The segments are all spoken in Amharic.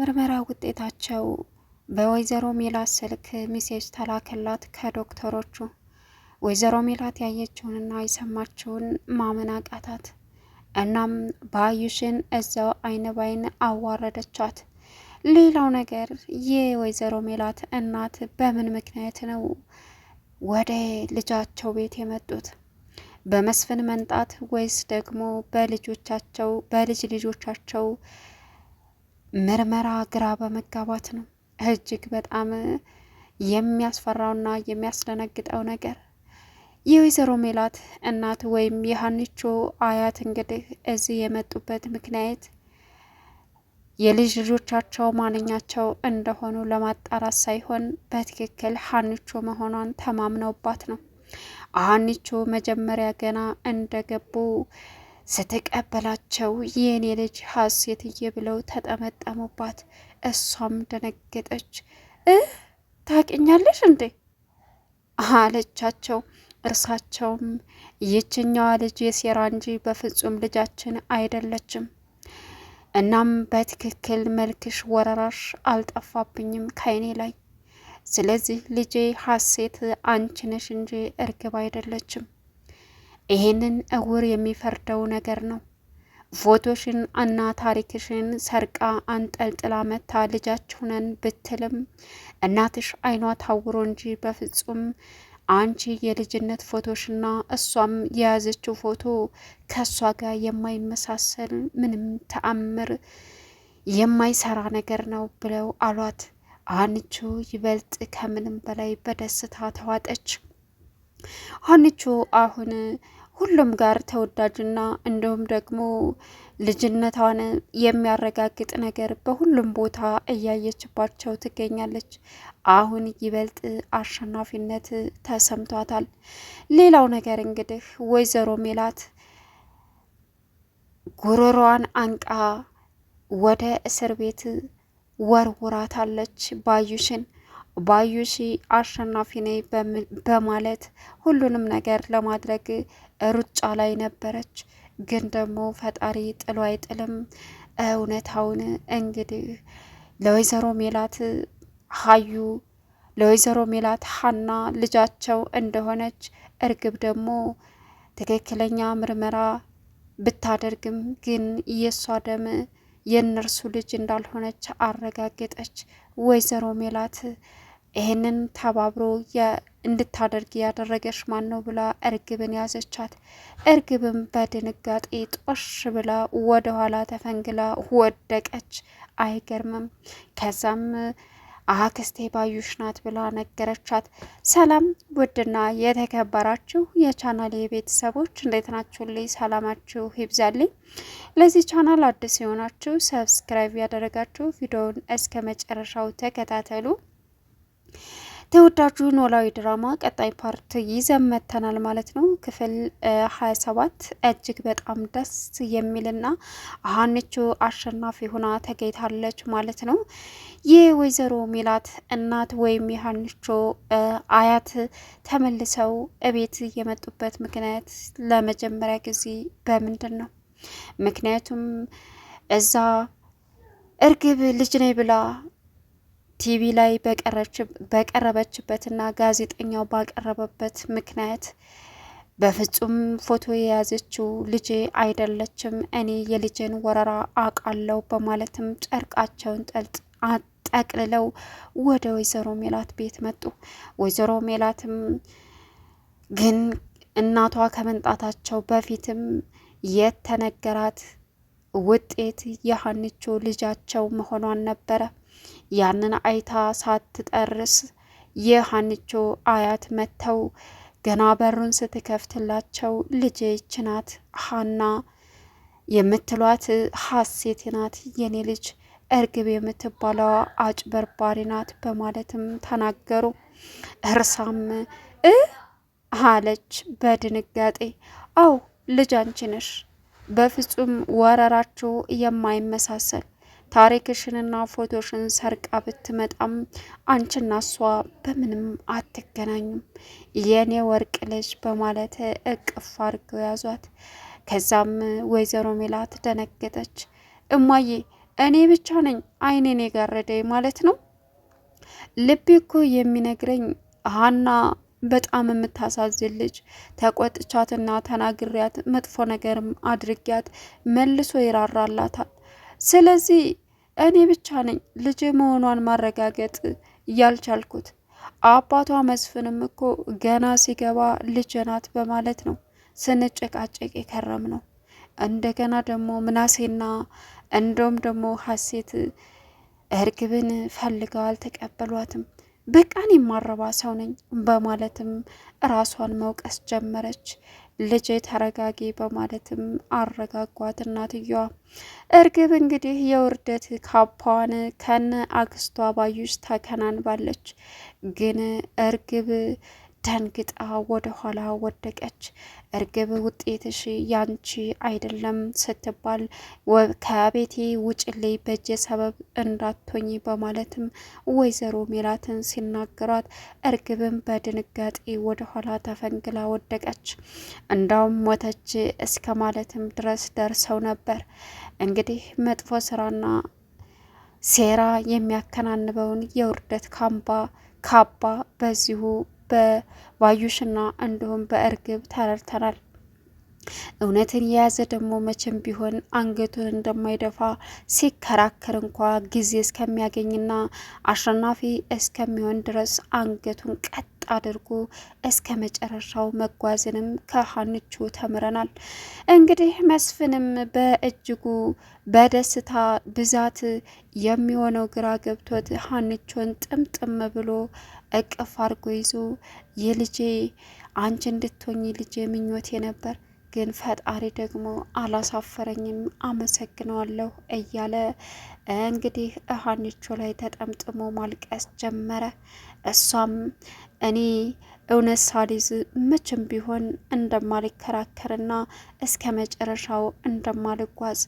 ምርመራ ውጤታቸው በወይዘሮ ሜላት ስልክ ሚሴጅ ተላከላት ከዶክተሮቹ። ወይዘሮ ሜላት ያየችውንና የሰማችውን ማመን አቃታት። እናም ባዩሽን እዛው አይን ባይን አዋረደቻት። ሌላው ነገር የወይዘሮ ሜላት እናት በምን ምክንያት ነው ወደ ልጃቸው ቤት የመጡት? በመስፍን መንጣት ወይስ ደግሞ በልጆቻቸው በልጅ ልጆቻቸው ምርመራ ግራ በመጋባት ነው። እጅግ በጣም የሚያስፈራውና የሚያስደነግጠው ነገር የወይዘሮ ሜላት እናት ወይም የሀኒቾ አያት እንግዲህ እዚህ የመጡበት ምክንያት የልጅ ልጆቻቸው ማንኛቸው እንደሆኑ ለማጣራት ሳይሆን በትክክል ሀኒቾ መሆኗን ተማምነውባት ነው። ሀኒቾ መጀመሪያ ገና እንደገቡ ስትቀበላቸው የእኔ ልጅ ሀሴትዬ ብለው ተጠመጠሙባት። እሷም ደነገጠች። እ ታውቂኛለሽ እንዴ አለቻቸው። እርሳቸውም ይችኛዋ ልጅ የሴራ እንጂ በፍጹም ልጃችን አይደለችም። እናም በትክክል መልክሽ ወረራሽ አልጠፋብኝም ከአይኔ ላይ። ስለዚህ ልጄ ሀሴት አንቺ ነሽ እንጂ እርግብ አይደለችም። ይሄንን እውር የሚፈርደው ነገር ነው። ፎቶሽን እና ታሪክሽን ሰርቃ አንጠልጥላ መታ ልጃችሁ ነን ብትልም እናትሽ አይኗ ታውሮ እንጂ በፍጹም አንቺ የልጅነት ፎቶሽና እሷም የያዘችው ፎቶ ከእሷ ጋር የማይመሳሰል ምንም ተአምር የማይሰራ ነገር ነው ብለው አሏት። አንቹ ይበልጥ ከምንም በላይ በደስታ ተዋጠች። አንቹ አሁን ሁሉም ጋር ተወዳጅና እንዲሁም ደግሞ ልጅነቷን የሚያረጋግጥ ነገር በሁሉም ቦታ እያየችባቸው ትገኛለች። አሁን ይበልጥ አሸናፊነት ተሰምቷታል። ሌላው ነገር እንግዲህ ወይዘሮ ሜላት ጉሮሯን አንቃ ወደ እስር ቤት ወርውራታለች ባዩሽን። ባዩሽ አሸናፊ ነኝ በማለት ሁሉንም ነገር ለማድረግ ሩጫ ላይ ነበረች። ግን ደግሞ ፈጣሪ ጥሎ አይጥልም። እውነታውን እንግዲህ ለወይዘሮ ሜላት ሀዩ ለወይዘሮ ሜላት ሀና ልጃቸው እንደሆነች እርግብ ደግሞ ትክክለኛ ምርመራ ብታደርግም ግን የእሷ ደም የእነርሱ ልጅ እንዳልሆነች አረጋገጠች። ወይዘሮ ሜላት ይህንን ተባብሮ እንድታደርግ ያደረገች ማን ነው ብላ እርግብን ያዘቻት። እርግብም በድንጋጤ ጦሽ ብላ ወደ ኋላ ተፈንግላ ወደቀች። አይገርምም። ከዛም አክስቴ ባዩሽ ናት ብላ ነገረቻት። ሰላም ውድና የተከበራችሁ የቻናል የቤተሰቦች እንዴት ናችሁልኝ? ሰላማችሁ ይብዛልኝ። ለዚህ ቻናል አዲስ የሆናችሁ ሰብስክራይብ ያደረጋችሁ ቪዲዮውን እስከ መጨረሻው ተከታተሉ። ተወዳጁ ኖላዊ ድራማ ቀጣይ ፓርት ይዘን መጥተናል ማለት ነው። ክፍል ሀያ ሰባት እጅግ በጣም ደስ የሚልና ሀኒቾ አሸናፊ ሆና ተገኝታለች ማለት ነው። ይህ ወይዘሮ ሚላት እናት ወይም የሀኒቾ አያት ተመልሰው እቤት የመጡበት ምክንያት ለመጀመሪያ ጊዜ በምንድን ነው? ምክንያቱም እዛ እርግብ ልጅ ነኝ ብላ ቲቪ ላይ በቀረበችበትና ጋዜጠኛው ባቀረበበት ምክንያት በፍጹም ፎቶ የያዘችው ልጄ አይደለችም፣ እኔ የልጄን ወረራ አውቃለሁ በማለትም ጨርቃቸውን ጠልጥ አጠቅልለው ወደ ወይዘሮ ሜላት ቤት መጡ። ወይዘሮ ሜላትም ግን እናቷ ከመምጣታቸው በፊትም የተነገራት ውጤት የሀንቾ ልጃቸው መሆኗን ነበረ። ያንን አይታ ሳትጠርስ የሀንቾ አያት መጥተው ገና በሩን ስትከፍትላቸው ልጄ ናት ሀና የምትሏት ሀሴት ናት የኔ ልጅ እርግብ የምትባለዋ አጭበርባሪ ናት በማለትም ተናገሩ። እርሳም እ አለች በድንጋጤ አው ልጅ አንቺ ነሽ፣ በፍጹም ወረራችሁ የማይመሳሰል ታሪክሽንና ፎቶሽን ሰርቃ ብትመጣም አንቺና እሷ በምንም አትገናኙም፣ የኔ ወርቅ ልጅ በማለት እቅፍ አድርገው ያዟት። ከዛም ወይዘሮ ሜላት ደነገጠች። እማዬ እኔ ብቻ ነኝ አይኔን የጋረደኝ ማለት ነው። ልቤ እኮ የሚነግረኝ ሀና በጣም የምታሳዝን ልጅ ተቆጥቻትና ተናግሪያት መጥፎ ነገርም አድርጊያት መልሶ ይራራላታል ስለዚህ እኔ ብቻ ነኝ ልጅ መሆኗን ማረጋገጥ ያልቻልኩት። አባቷ መስፍንም እኮ ገና ሲገባ ልጅ ናት በማለት ነው ስንጨቃጨቅ የከረም ነው። እንደገና ደግሞ ምናሴና እንደውም ደግሞ ሀሴት እርግብን ፈልገው አልተቀበሏትም። በቃን የማረባ ሰው ነኝ በማለትም ራሷን መውቀስ ጀመረች። ልጄ ተረጋጊ በማለትም አረጋጓት እናትየዋ። እርግብ እንግዲህ የውርደት ካባዋን ከነ አክስቷ ባዩሽ ተከናንባለች። ግን እርግብ ደንግጣ ወደ ኋላ ወደቀች። እርግብ ውጤትሽ ያንቺ አይደለም ስትባል ከቤቴ ላይ በጀ ሰበብ እንዳቶኝ በማለትም ወይዘሮ ሜላትን ሲናገሯት እርግብም በድንጋጤ ወደ ኋላ ተፈንግላ ወደቀች። እንዳውም ሞተች እስከ ማለትም ድረስ ደርሰው ነበር። እንግዲህ መጥፎ ስራና ሴራ የሚያከናንበውን የውርደት ካምባ ካባ በዚሁ በባዩሽና እንዲሁም በእርግብ ተረድተናል። እውነትን የያዘ ደግሞ መቼም ቢሆን አንገቱን እንደማይደፋ ሲከራከር እንኳ ጊዜ እስከሚያገኝና አሸናፊ እስከሚሆን ድረስ አንገቱን ቀጥ አድርጉ እስከ መጨረሻው መጓዝንም ከሀንቹ ተምረናል። እንግዲህ መስፍንም በእጅጉ በደስታ ብዛት የሚሆነው ግራ ገብቶት ሀንቾን ጥምጥም ብሎ እቅፍ አድርጎ ይዞ የልጄ አንቺ እንድትሆኝ ልጄ ምኞቴ ነበር ግን ፈጣሪ ደግሞ አላሳፈረኝም፣ አመሰግነዋለሁ እያለ እንግዲህ እሀንቾ ላይ ተጠምጥሞ ማልቀስ ጀመረ። እሷም እኔ እውነት ሳሊዝ መቼም ቢሆን እንደማልከራከርና እስከ መጨረሻው እንደማልጓዝ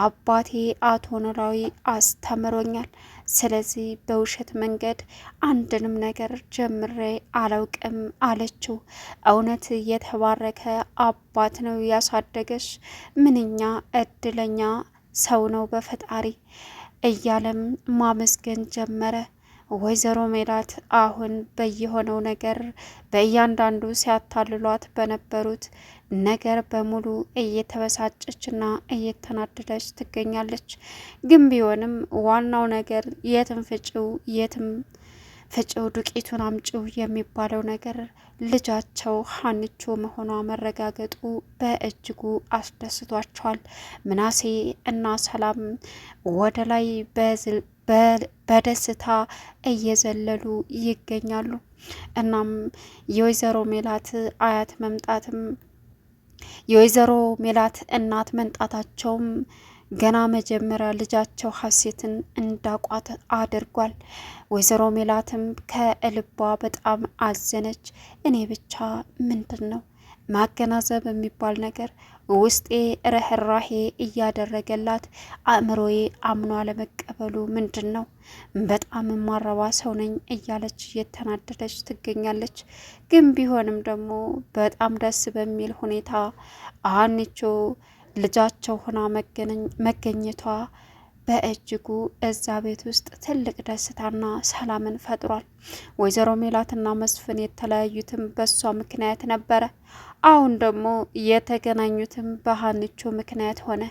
አባቴ አቶ ኖላዊ አስተምሮኛል። ስለዚህ በውሸት መንገድ አንድንም ነገር ጀምሬ አላውቅም አለችው። እውነት የተባረከ አባት ነው ያሳደገሽ። ምንኛ እድለኛ ሰው ነው በፈጣሪ እያለም ማመስገን ጀመረ። ወይዘሮ ሜላት አሁን በየሆነው ነገር በእያንዳንዱ ሲያታልሏት በነበሩት ነገር በሙሉ እየተበሳጨችና እየተናደደች ትገኛለች። ግን ቢሆንም ዋናው ነገር የትም ፍጪው የትም ፍጪው ዱቄቱን አምጪው የሚባለው ነገር ልጃቸው ሀንቾ መሆኗ መረጋገጡ በእጅጉ አስደስቷቸዋል። ምናሴ እና ሰላም ወደ ላይ በዝል በደስታ እየዘለሉ ይገኛሉ። እናም የወይዘሮ ሜላት አያት መምጣትም የወይዘሮ ሜላት እናት መምጣታቸውም ገና መጀመሪያ ልጃቸው ሀሴትን እንዳቋት አድርጓል። ወይዘሮ ሜላትም ከልቧ በጣም አዘነች። እኔ ብቻ ምንድን ነው ማገናዘብ የሚባል ነገር ውስጤ ርኅራሄ እያደረገላት አእምሮዬ አምኖ አለመቀበሉ ምንድን ነው? በጣም ማረባ ሰው ነኝ እያለች እየተናደደች ትገኛለች። ግን ቢሆንም ደግሞ በጣም ደስ በሚል ሁኔታ አንቾ ልጃቸው ሆና መገኘቷ በእጅጉ እዛ ቤት ውስጥ ትልቅ ደስታና ሰላምን ፈጥሯል። ወይዘሮ ሜላትና መስፍን የተለያዩትም በሷ ምክንያት ነበረ። አሁን ደግሞ የተገናኙትም በሀንቾ ምክንያት ሆነ።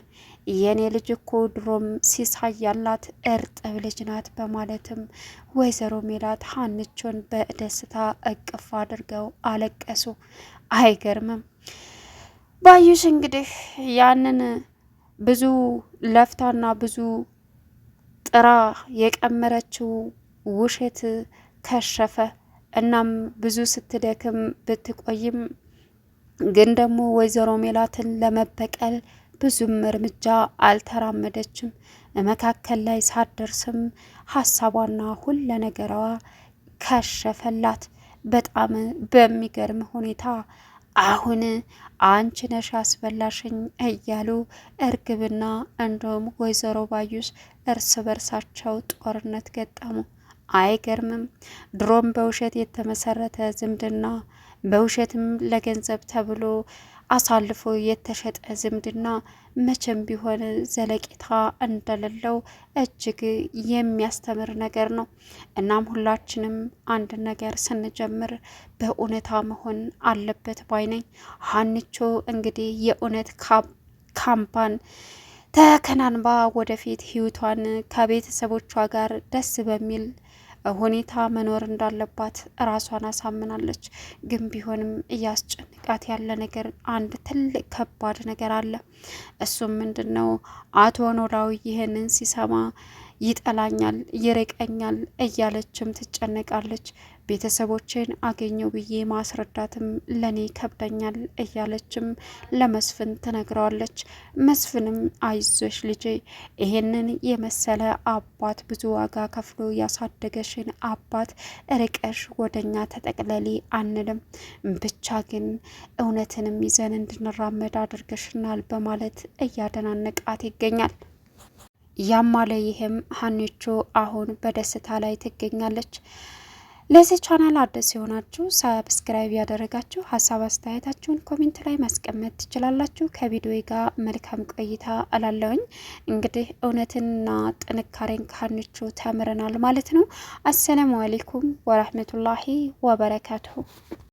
የኔ ልጅ እኮ ድሮም ሲሳይ ያላት እርጥብ ልጅ ናት በማለትም ወይዘሮ ሜላት ሀንቾን በደስታ እቅፍ አድርገው አለቀሱ። አይገርምም ባዩሽ እንግዲህ ያንን ብዙ ለፍታና ብዙ ጥራ የቀመረችው ውሸት ከሸፈ። እናም ብዙ ስትደክም ብትቆይም ግን ደግሞ ወይዘሮ ሜላትን ለመበቀል ብዙም እርምጃ አልተራመደችም። መካከል ላይ ሳትደርስም ሀሳቧና ሁለ ነገሯ ከሸፈላት በጣም በሚገርም ሁኔታ አሁን አንቺ ነሽ አስበላሽኝ እያሉ እርግብና እንዲሁም ወይዘሮ ባዩስ እርስ በርሳቸው ጦርነት ገጠሙ። አይገርምም። ድሮም በውሸት የተመሰረተ ዝምድና በውሸትም ለገንዘብ ተብሎ አሳልፎ የተሸጠ ዝምድና መቼም ቢሆን ዘለቄታ እንደሌለው እጅግ የሚያስተምር ነገር ነው። እናም ሁላችንም አንድ ነገር ስንጀምር በእውነታ መሆን አለበት ባይነኝ ሀንቾ እንግዲህ የእውነት ካምፓን ተከናንባ ወደፊት ህይወቷን ከቤተሰቦቿ ጋር ደስ በሚል ሁኔታ መኖር እንዳለባት ራሷን አሳምናለች። ግን ቢሆንም እያስጨንቃት ያለ ነገር አንድ ትልቅ ከባድ ነገር አለ። እሱም ምንድን ነው? አቶ ኖላዊ ይህንን ሲሰማ ይጠላኛል፣ ይርቀኛል እያለችም ትጨነቃለች። ቤተሰቦቼን አገኘው ብዬ ማስረዳትም ለኔ ከብደኛል እያለችም ለመስፍን ትነግረዋለች። መስፍንም አይዞሽ ልጄ ይሄንን የመሰለ አባት ብዙ ዋጋ ከፍሎ ያሳደገሽን አባት ርቀሽ ወደኛ ተጠቅለሊ አንልም፣ ብቻ ግን እውነትንም ይዘን እንድንራመድ አድርገሽናል በማለት እያደናነቃት ይገኛል። ያማለ ይህም ሀኒቾ አሁን በደስታ ላይ ትገኛለች። ለዚህ ቻናል አዲስ የሆናችሁ ሳብስክራይብ ያደረጋችሁ ሀሳብ አስተያየታችሁን ኮሜንት ላይ ማስቀመጥ ትችላላችሁ። ከቪዲዮ ጋር መልካም ቆይታ አላለውኝ እንግዲህ እውነትንና ጥንካሬን ካንቹ ተምረናል ማለት ነው። አሰላሙ አሌይኩም ወራህመቱላሂ ወበረካቱሁ